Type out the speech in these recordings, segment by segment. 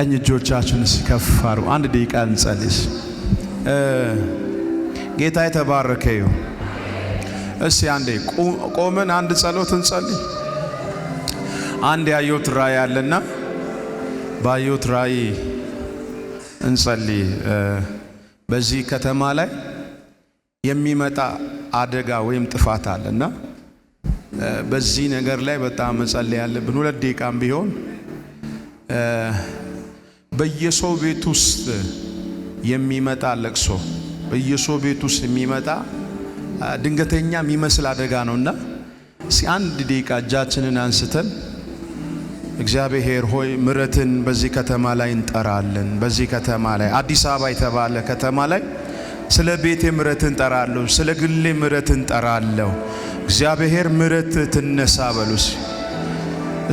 ቀኝ እጆቻችን ከፍ አንድ ደቂቃ እንጸልይ። ጌታ የተባረከ ይሁን። እስቲ አንዴ ቆመን አንድ ጸሎት እንጸልይ። አንድ ያየሁት ራእይ አለና ባየሁት ራእይ እንጸልይ። በዚህ ከተማ ላይ የሚመጣ አደጋ ወይም ጥፋት አለና በዚህ ነገር ላይ በጣም መጸለይ ያለብን ሁለት ደቂቃም ቢሆን በየሰው ቤት ውስጥ የሚመጣ ለቅሶ፣ በየሰው ቤት ውስጥ የሚመጣ ድንገተኛ የሚመስል አደጋ ነውና እስኪ አንድ ደቂቃ እጃችንን አንስተን እግዚአብሔር ሆይ ምረትን በዚህ ከተማ ላይ እንጠራለን። በዚህ ከተማ ላይ አዲስ አበባ የተባለ ከተማ ላይ ስለ ቤቴ ምረት እንጠራለሁ፣ ስለ ግሌ ምረት እንጠራለሁ። እግዚአብሔር ምረት ትነሳ በሉስ።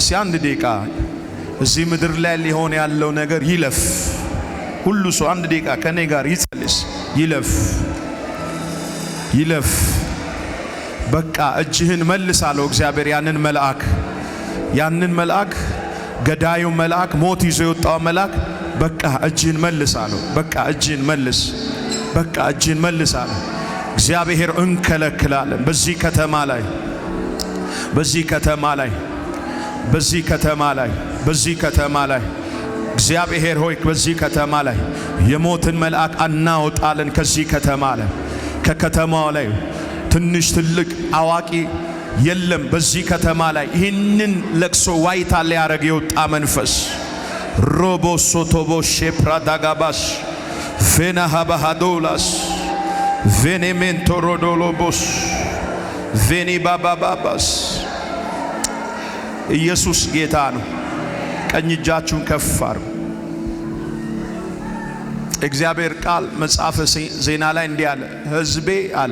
እስኪ አንድ ደቂቃ እዚህ ምድር ላይ ሊሆን ያለው ነገር ይለፍ። ሁሉ ሰው አንድ ደቂቃ ከኔ ጋር ይጸልስ። ይለፍ ይለፍ። በቃ እጅህን መልስ አለው እግዚአብሔር። ያንን መልአክ ያንን መልአክ ገዳዩ መልአክ ሞት ይዞ የወጣው መልአክ በቃ እጅህን መልስ አለው። በቃ እጅህን መልስ፣ በቃ እጅህን መልስ አለው እግዚአብሔር። እንከለክላለን በዚህ ከተማ ላይ በዚህ ከተማ ላይ በዚህ ከተማ ላይ በዚህ ከተማ ላይ እግዚአብሔር ሆይ በዚህ ከተማ ላይ የሞትን መልአክ አናወጣለን። ከዚህ ከተማ ላይ ከከተማው ላይ ትንሽ ትልቅ አዋቂ የለም። በዚህ ከተማ ላይ ይህንን ለቅሶ ዋይታ ሊያረግ የወጣ መንፈስ ሮቦ ሶቶቦ ሼፕራ ዳጋባስ ሃባሃዶላስ ቬኔሜንቶሮዶሎቦስ ቬኔ ባባባባስ ኢየሱስ ጌታ ነው። ቀኝ እጃችሁን ከፍ አርጉ። እግዚአብሔር ቃል መጽሐፈ ዜና ላይ እንዲህ አለ፣ ሕዝቤ አለ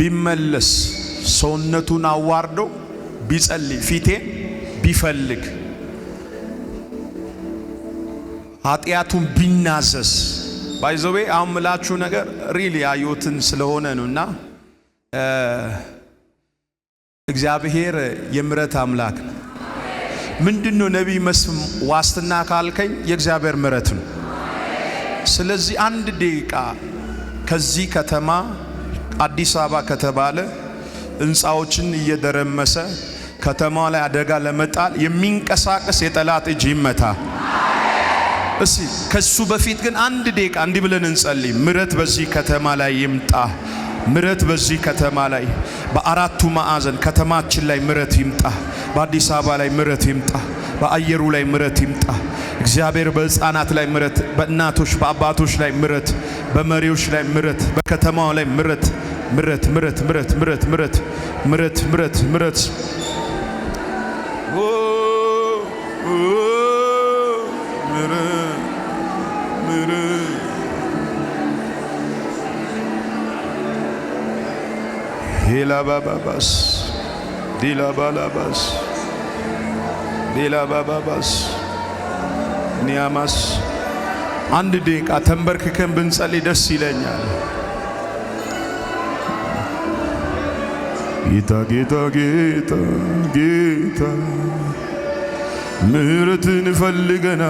ቢመለስ ሰውነቱን አዋርዶ ቢጸልይ ፊቴን ቢፈልግ ኃጢአቱን ቢናዘዝ ባይዘቤ አሁን ምላችሁ ነገር ሪል ያዩትን ስለሆነ ነው። እና እግዚአብሔር የምረት አምላክ ነው። ምንድነው ነቢይ መስፍን ዋስትና ካልከኝ የእግዚአብሔር ምረት ነው። ስለዚህ አንድ ደቂቃ ከዚህ ከተማ አዲስ አበባ ከተባለ ህንፃዎችን እየደረመሰ ከተማዋ ላይ አደጋ ለመጣል የሚንቀሳቀስ የጠላት እጅ ይመታ። እስቲ ከሱ በፊት ግን አንድ ደቂቃ እንዲህ ብለን እንጸልይ። ምረት በዚህ ከተማ ላይ ይምጣ። ምረት በዚህ ከተማ ላይ በአራቱ ማዕዘን ከተማችን ላይ ምረት ይምጣ። በአዲስ አበባ ላይ ምረት ይምጣ። በአየሩ ላይ ምረት ይምጣ። እግዚአብሔር በሕፃናት ላይ ምረት፣ በእናቶች በአባቶች ላይ ምረት፣ በመሪዎች ላይ ምረት፣ በከተማው ላይ ምረት ምረት ምረት ምረት ምረት ምረት ምረት ምረት ምረት ሄላ ባባባስ ዲላባላባስ ዲላባባባስ ኒያማስ አንድ ደቂቃ ተንበርክከን ብንጸልይ ደስ ይለኛል። ጌታ ጌታ ጌታ ጌታ ምሕረትን ፈልገና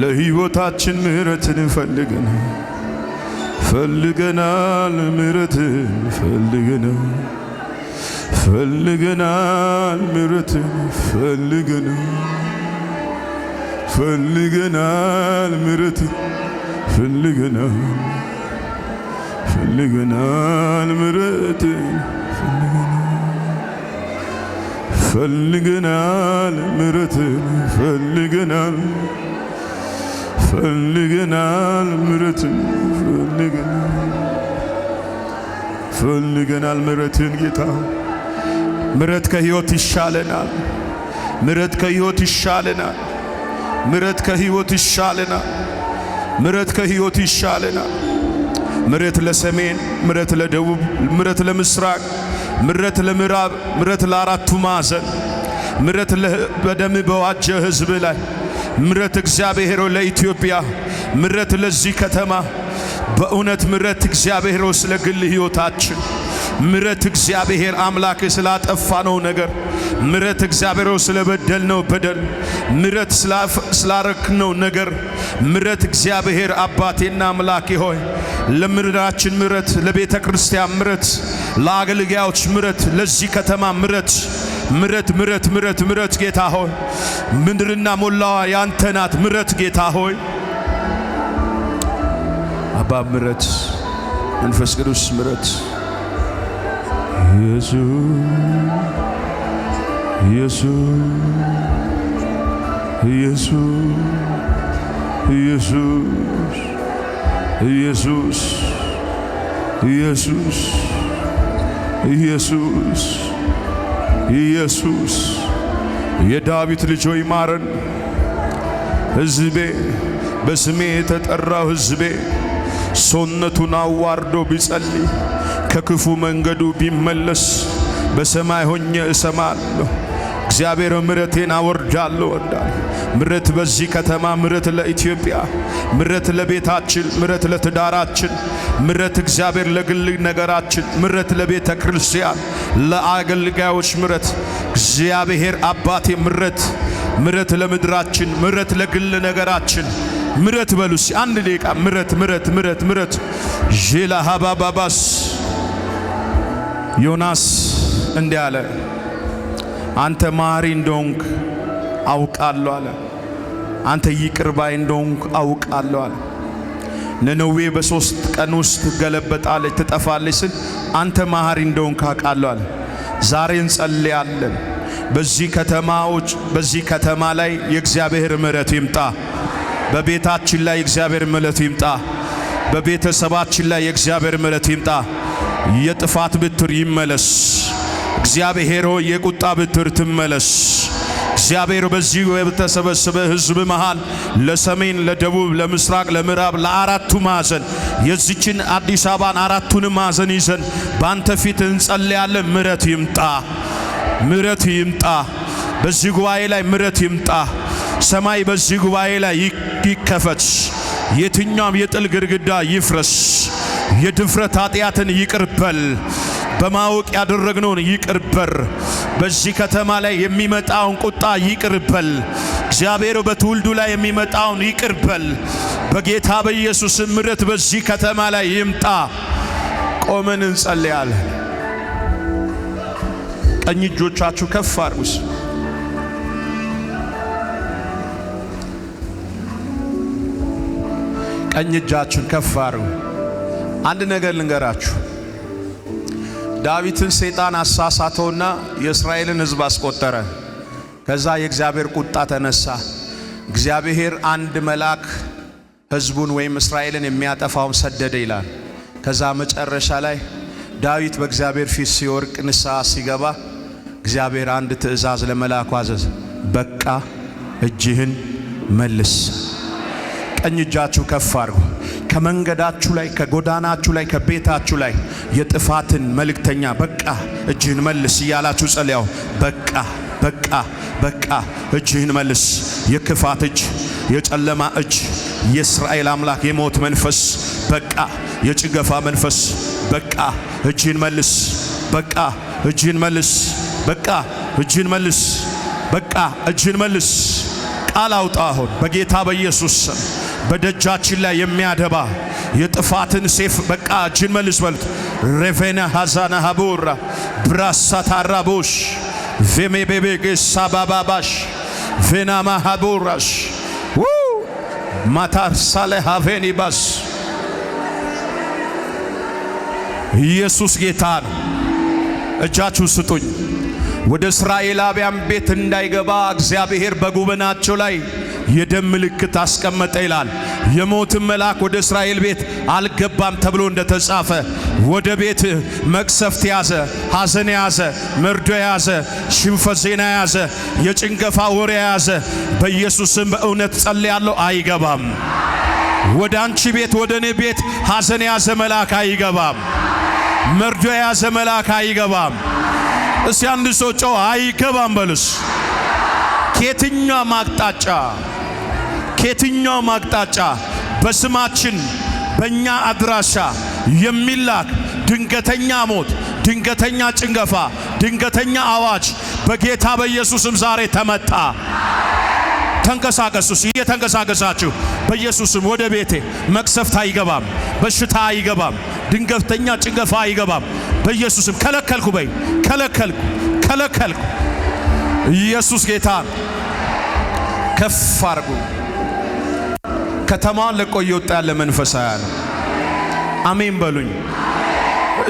ለሕይወታችን ምሕረትን ፈልገና ፈልገናል ምሕረትን ፈልገናል ፈልገናል ምሕረትን ፈልገናል ፈልገናል ምሕረትን ፈልገናል ፈልገናል ምሕረትን ፈልገናል ምሕረትን ፈልገናል ፈልገናል ምሕረትን ፈልገናል ፈልገናል ምሕረትን ጌታ ምረት ከህይወት ይሻለናል። ምረት ከህይወት ይሻለናል። ምረት ከህይወት ይሻለናል። ምረት ከህይወት ይሻለናል። ምረት ለሰሜን፣ ምረት ለደቡብ፣ ምረት ለምስራቅ፣ ምረት ለምዕራብ፣ ምረት ለአራቱ ማዕዘን፣ ምረት በደም በዋጀ ህዝብ ላይ ምረት እግዚአብሔር ለኢትዮጵያ፣ ምረት ለዚህ ከተማ፣ በእውነት ምረት እግዚአብሔር ስለ ግል ህይወታችን ምረት እግዚአብሔር አምላክ ነው ነገር፣ ምረት እግዚአብሔር ስለበደልነው በደል፣ ምረት ስላረክነው ነገር፣ ምረት እግዚአብሔር አባቴና አምላኬ ሆይ ለምድራችን ምረት፣ ለቤተ ክርስቲያን ምረት፣ ለአገልጋዮች ምረት፣ ለዚህ ከተማ ምረት ምረት ምረት ምረት ምረት ጌታ ሆይ ምድርና ሞላዋ ያንተ ናት። ምረት ጌታ ሆይ አባ ምረት መንፈስ ቅዱስ ምረት ኢየሱስ የዳዊት ልጅ ሆይ ማረን። ሕዝቤ በስሜ የተጠራው ሕዝቤ ሰውነቱን አዋርዶ ቢጸልይ ከክፉ መንገዱ ቢመለስ በሰማይ ሆኜ እሰማለሁ። እግዚአብሔር ምረቴን አወርዳለሁ ወዳል ምረት በዚህ ከተማ ምረት ለኢትዮጵያ ምረት ለቤታችን ምረት ለትዳራችን ምረት እግዚአብሔር ለግል ነገራችን ምረት ለቤተ ክርስቲያን ለአገልጋዮች ምረት እግዚአብሔር አባቴ ምረት ምረት ለምድራችን ምረት ለግል ነገራችን ምረት በሉስ አንድ ደቂቃ ምረት ምረት ምረት ምረት ዢላ ሀባባባስ ዮናስ እንዲህ አለ፣ አንተ ማሪ እንደሆንክ አውቃለሁ አለ። አንተ ይቅርባይ እንደሆንክ አውቃለሁ አለ። ነነዌ በሶስት ቀን ውስጥ ትገለበጣለች፣ ትጠፋለች ስል አንተ ማሪ እንደሆንክ አውቃለሁ አለ። ዛሬ እንጸልያለን በዚህ ከተማዎች በዚህ ከተማ ላይ የእግዚአብሔር ምሕረት ይምጣ። በቤታችን ላይ የእግዚአብሔር ምሕረት ይምጣ። በቤተሰባችን ላይ የእግዚአብሔር ምሕረት ይምጣ። የጥፋት ብትር ይመለስ። እግዚአብሔር ሆይ የቁጣ ብትር ትመለስ። እግዚአብሔር በዚህ የተሰበሰበ ሕዝብ መሃል ለሰሜን፣ ለደቡብ፣ ለምስራቅ፣ ለምዕራብ ለአራቱ ማዕዘን የዚችን አዲስ አበባን አራቱን ማዕዘን ይዘን በአንተ ፊት እንጸልያለን። ምረት ይምጣ፣ ምረት ይምጣ። በዚህ ጉባኤ ላይ ምረት ይምጣ። ሰማይ በዚህ ጉባኤ ላይ ይከፈት። የትኛውም የጥል ግድግዳ ይፍረስ። የድፍረት ኃጢአትን ይቅርበል። በማወቅ ያደረግነውን ይቅርበር። በዚህ ከተማ ላይ የሚመጣውን ቁጣ ይቅርበል። እግዚአብሔር በትውልዱ ላይ የሚመጣውን ይቅርበል። በጌታ በኢየሱስ ምረት በዚህ ከተማ ላይ ይምጣ። ቆመን እንጸልያለን። ቀኝ እጆቻችሁ ከፍ አርጉስ። ቀኝ እጃችሁን ከፍ አርጉ። አንድ ነገር ልንገራችሁ። ዳዊትን ሰይጣን አሳሳተውና የእስራኤልን ሕዝብ አስቆጠረ። ከዛ የእግዚአብሔር ቁጣ ተነሳ። እግዚአብሔር አንድ መልአክ ሕዝቡን ወይም እስራኤልን የሚያጠፋውን ሰደደ ይላል። ከዛ መጨረሻ ላይ ዳዊት በእግዚአብሔር ፊት ሲወርቅ ንስሐ ሲገባ እግዚአብሔር አንድ ትእዛዝ ለመልአኩ አዘዝ፣ በቃ እጅህን መልስ። ቀኝ እጃችሁ ከፍ አድርጉ። ከመንገዳችሁ ላይ ከጎዳናችሁ ላይ ከቤታችሁ ላይ የጥፋትን መልእክተኛ በቃ እጅህን መልስ እያላችሁ ጸልያው። በቃ በቃ በቃ እጅህን መልስ። የክፋት እጅ፣ የጨለማ እጅ፣ የእስራኤል አምላክ የሞት መንፈስ በቃ፣ የጭገፋ መንፈስ በቃ፣ እጅህን መልስ። በቃ እጅህን መልስ። በቃ እጅህን መልስ። በቃ እጅህን መልስ። ቃል አውጣ አሁን በጌታ በኢየሱስ ስም በደጃችን ላይ የሚያደባ የጥፋትን ሴፍ በቃ እጅን መልስ በሉት። ሬቬነ ሐዛና ሀቡራ ብራሳታራቦሽ ቬሜቤቤጌሳ ባባባሽ ቬናማ ሀቡራሽ ማታርሳለ ሀቬኒ ባስ ኢየሱስ ጌታ ነው። እጃችሁ ስጡኝ። ወደ እስራኤላውያን ቤት እንዳይገባ እግዚአብሔር በጉበናቸው ላይ የደም ምልክት አስቀመጠ ይላል። የሞትን መልአክ ወደ እስራኤል ቤት አልገባም ተብሎ እንደተጻፈ ወደ ቤት መቅሰፍት ያዘ፣ ሐዘን ያዘ፣ መርዶ ያዘ፣ ሽንፈት ዜና ያዘ፣ የጭንገፋ ወሬ ያዘ። በኢየሱስም በእውነት ጸልያለሁ፣ አይገባም። ወደ አንቺ ቤት ወደ እኔ ቤት ሐዘን የያዘ መልአክ አይገባም። መርዶ የያዘ መልአክ አይገባም። እስቲ አንድ ሰው ጮ አይገባም በሉስ ከየትኛውም አቅጣጫ ከየትኛውም አቅጣጫ በስማችን በእኛ አድራሻ የሚላክ ድንገተኛ ሞት፣ ድንገተኛ ጭንገፋ፣ ድንገተኛ አዋጅ በጌታ በኢየሱስም ዛሬ ተመጣ። ተንቀሳቀሱስ እየተንቀሳቀሳችሁ በኢየሱስም ወደ ቤቴ መቅሰፍት አይገባም፣ በሽታ አይገባም፣ ድንገተኛ ጭንገፋ አይገባም። በኢየሱስም ከለከልኩ በይ ከለከልኩ ከለከልኩ። ኢየሱስ ጌታ ከፍ አርጉ። ከተማዋን ለቆ እየወጣ ያለ መንፈስ አሜን በሉኝ።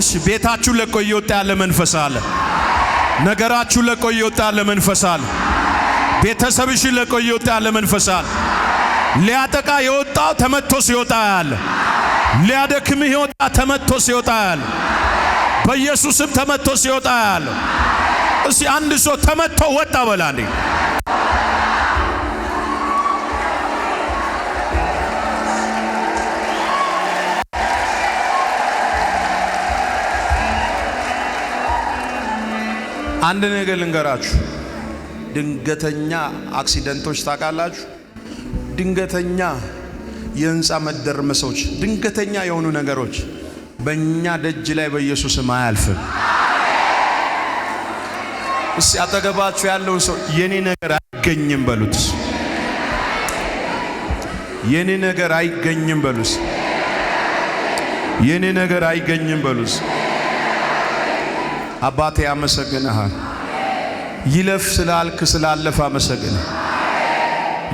እሺ ቤታችሁን ለቆ እየወጣ ያለ መንፈስ አለ። ነገራችሁን ለቆ እየወጣ ያለ መንፈስ አለ። ቤተሰብሽን ለቆ እየወጣ ያለ መንፈስ አለ። ሊያጠቃ የወጣው ተመቶ ሲወጣ ያለ ሊያደክምህ የወጣ ተመቶ ሲወጣ ያለ በኢየሱስም ተመቶ ሲወጣ ያለ። እስቲ አንድ ሰው ተመቶ ወጣ በላ እንዴ! አንድ ነገር ልንገራችሁ። ድንገተኛ አክሲደንቶች ታውቃላችሁ፣ ድንገተኛ የህንፃ መደርመሶች፣ ድንገተኛ የሆኑ ነገሮች በእኛ ደጅ ላይ በኢየሱስም አያልፍም። እስቲ አጠገባችሁ ያለውን ሰው የኔ ነገር አይገኝም በሉት። የኔ ነገር አይገኝም በሉት። የኔ ነገር አይገኝም በሉት። አባቴ አመሰግንሃል። ይለፍ ስላልክ ስላለፍ አመሰግነ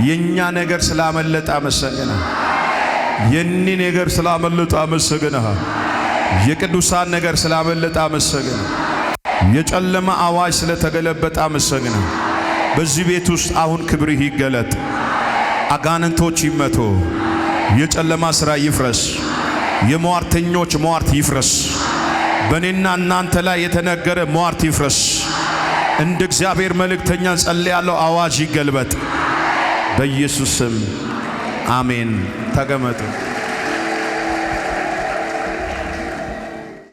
የኛ ነገር ስላመለጠ አመሰግነ የኒ ነገር ስላመለጠ አመሰግነ የቅዱሳን ነገር ስላመለጠ አመሰግነ የጨለማ አዋጅ ስለተገለበጠ አመሰግነ በዚህ ቤት ውስጥ አሁን ክብርህ ይገለጥ፣ አጋንንቶች ይመቶ፣ የጨለማ ሥራ ይፍረስ፣ የሟርተኞች ሟርት ይፍረስ። በእኔና እናንተ ላይ የተነገረ ሟርት ይፍረስ። እንደ እግዚአብሔር መልእክተኛ ጸልያለሁ። አዋጅ ይገልበጥ በኢየሱስ ስም አሜን። ተቀመጡ